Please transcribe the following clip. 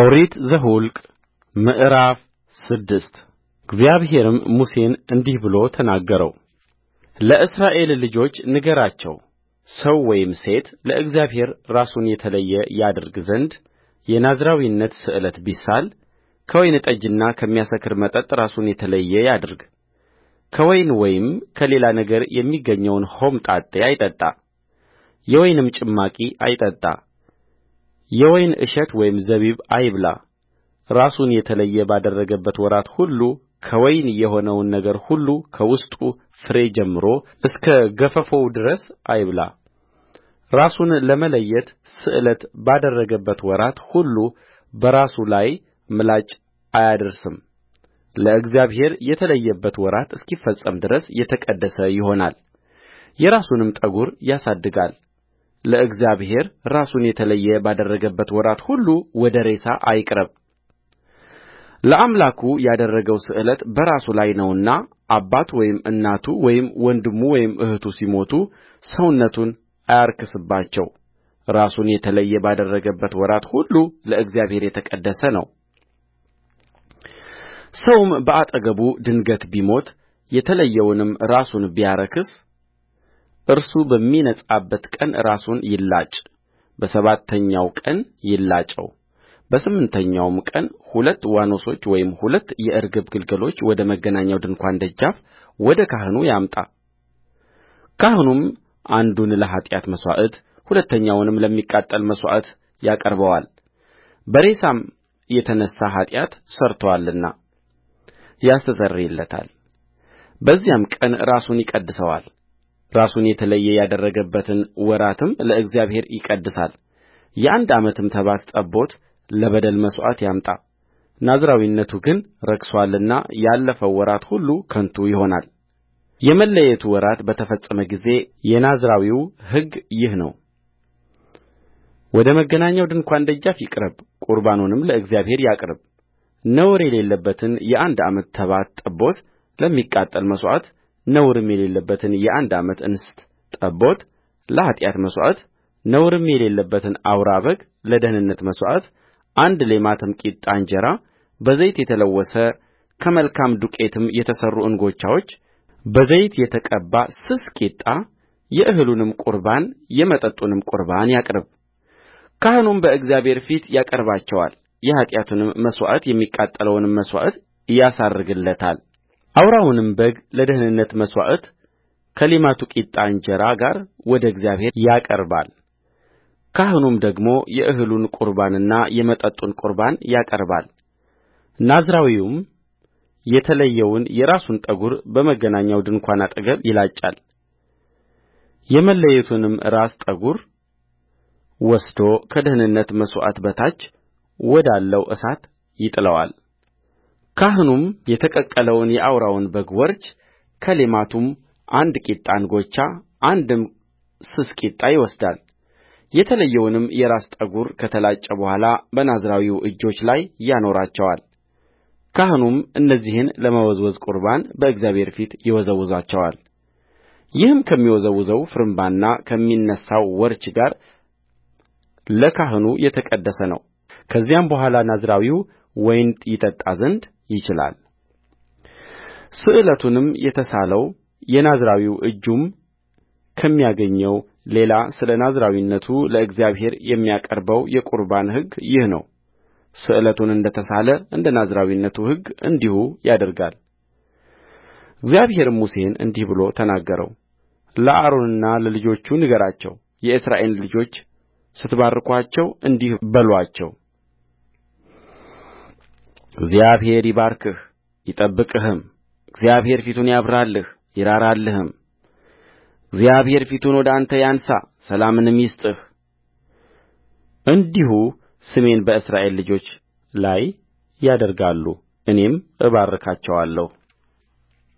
ኦሪት ዘኍልቍ ምዕራፍ ስድስት እግዚአብሔርም ሙሴን እንዲህ ብሎ ተናገረውለእስራኤል ልጆች ንገራቸው ሰው ወይም ሴት ለእግዚአብሔር ራሱን የተለየ ያደርግ ዘንድ የናዝራዊነት ስእለት ቢሳል ከወይን ጠጅና ከሚያሰክር መጠጥ ራሱን የተለየ ያድርግ ከወይን ወይም ከሌላ ነገር የሚገኘውን ሆምጣጤ አይጠጣ የወይንም ጭማቂ አይጠጣ የወይን እሸት ወይም ዘቢብ አይብላ ራሱን የተለየ ባደረገበት ወራት ሁሉ ከወይን የሆነውን ነገር ሁሉ ከውስጡ ፍሬ ጀምሮ እስከ ገፈፎው ድረስ አይብላ ራሱን ለመለየት ስእለት ባደረገበት ወራት ሁሉ በራሱ ላይ ምላጭ አያደርስም ለእግዚአብሔር የተለየበት ወራት እስኪፈጸም ድረስ የተቀደሰ ይሆናል የራሱንም ጠጕር ያሳድጋል ለእግዚአብሔር ራሱን የተለየ ባደረገበት ወራት ሁሉ ወደ ሬሳ አይቅረብለአምላኩ ያደረገው ስእለት በራሱ ላይ ነውና አባቱ ወይም እናቱ ወይም ወንድሙ ወይም እኅቱ ሲሞቱ ሰውነቱን አያርክስባቸው ራሱን የተለየ ባደረገበት ወራት ሁሉ ለእግዚአብሔር የተቀደሰ ነው። ሰውም በአጠገቡ ድንገት ቢሞት የተለየውንም ራሱን ቢያረክስ እርሱ በሚነጻበት ቀን ራሱን ይላጭ በሰባተኛው ቀን ይላጨው በስምንተኛውም ቀን ሁለት ዋኖሶች ወይም ሁለት የርግብ ግልገሎች ወደ መገናኛው ድንኳን ደጃፍ ወደ ካህኑ ያምጣ ካህኑም አንዱን ለኃጢአት መሥዋዕት ሁለተኛውንም ለሚቃጠል መሥዋዕት ያቀርበዋል በሬሳም የተነሣ ኃጢአት ሠርቶአልና ያስተሰርይለታል በዚያም ቀን ራሱን ይቀድሰዋል ራሱን የተለየ ያደረገበትን ወራትም ለእግዚአብሔር ይቀድሳል የአንድ ዓመትም ተባት ጠቦት ለበደል መሥዋዕት ያምጣ ናዝራዊነቱ ግን ረክሶአልና ያለፈው ወራት ሁሉ ከንቱ ይሆናልየመለየቱ ወራት በተፈጸመ ጊዜ የናዝራዊው ሕግ ይህ ነው ወደ መገናኛው ድንኳን ደጃፍ ይቅረብ፣ ቁርባኑንም ለእግዚአብሔር ያቅርብ። ነውር የሌለበትን የአንድ ዓመት ተባት ጠቦት ለሚቃጠል መሥዋዕት ነውርም የሌለበትን የአንድ ዓመት እንስት ጠቦት ለኃጢአት መሥዋዕት ነውርም የሌለበትን አውራ በግ ለደኅንነት መሥዋዕት አንድ ሌማትም ቂጣ እንጀራ በዘይት የተለወሰ ከመልካም ዱቄትም የተሠሩ እንጎቻዎች በዘይት የተቀባ ስስ ቂጣ የእህሉንም ቍርባን የመጠጡንም ቍርባን ያቅርብ። ካህኑም በእግዚአብሔር ፊት ያቀርባቸዋል፣ የኃጢአቱንም መሥዋዕት የሚቃጠለውንም መሥዋዕት ያሳርግለታል። አውራውንም በግ ለደኅንነት መሥዋዕት ከሌማቱ ቂጣ እንጀራ ጋር ወደ እግዚአብሔር ያቀርባል። ካህኑም ደግሞ የእህሉን ቍርባንና የመጠጡን ቍርባን ያቀርባል ናዝራዊውም የተለየውን የራሱን ጠጕር በመገናኛው ድንኳን አጠገብ ይላጫል የመለየቱንም ራስ ጠጕር ወስዶ ከደኅንነት መሥዋዕት በታች ወዳለው እሳት ይጥለዋል ካህኑም የተቀቀለውን የአውራውን በግ ወርች ከሌማቱም አንድ ቂጣ እንጐቻ አንድም ስስ ቂጣ ይወስዳል የተለየውንም የራስ ጠጕር ከተላጨ በኋላ በናዝራዊው እጆች ላይ ያኖራቸዋል ካህኑም እነዚህን ለመወዝወዝ ቍርባን በእግዚአብሔር ፊት ይወዘውዛቸዋል። ይህም ከሚወዘወዘው ፍርምባና ከሚነሣው ወርች ጋር ለካህኑ የተቀደሰ ነው። ከዚያም በኋላ ናዝራዊው ወይን ይጠጣ ዘንድ ይችላል ስእለቱንም የተሳለው የናዝራዊው እጁም ከሚያገኘው ሌላ ስለ ናዝራዊነቱ ለእግዚአብሔር የሚያቀርበው የቁርባን ሕግ ይህ ነው ስእለቱን እንደ ተሳለ እንደ ናዝራዊነቱ ሕግ እንዲሁ እግዚአብሔርም ሙሴን እንዲህ ብሎ ተናገረው ለአሮንና ለልጆቹ ንገራቸው የእስራኤልን ልጆች ስትባርኩአቸው እንዲህ በሉአቸው እግዚአብሔር ይባርክህ ይጠብቅህም እግዚአብሔር ፊቱን ያብራልህ ይራራልህም እግዚአብሔር ፊቱን ወደ አንተ ያንሣ ሰላምንም ይስጥህ እንዲሁ ስሜን በእስራኤል ልጆች ላይ ያደርጋሉ እኔም እባርካቸዋለሁ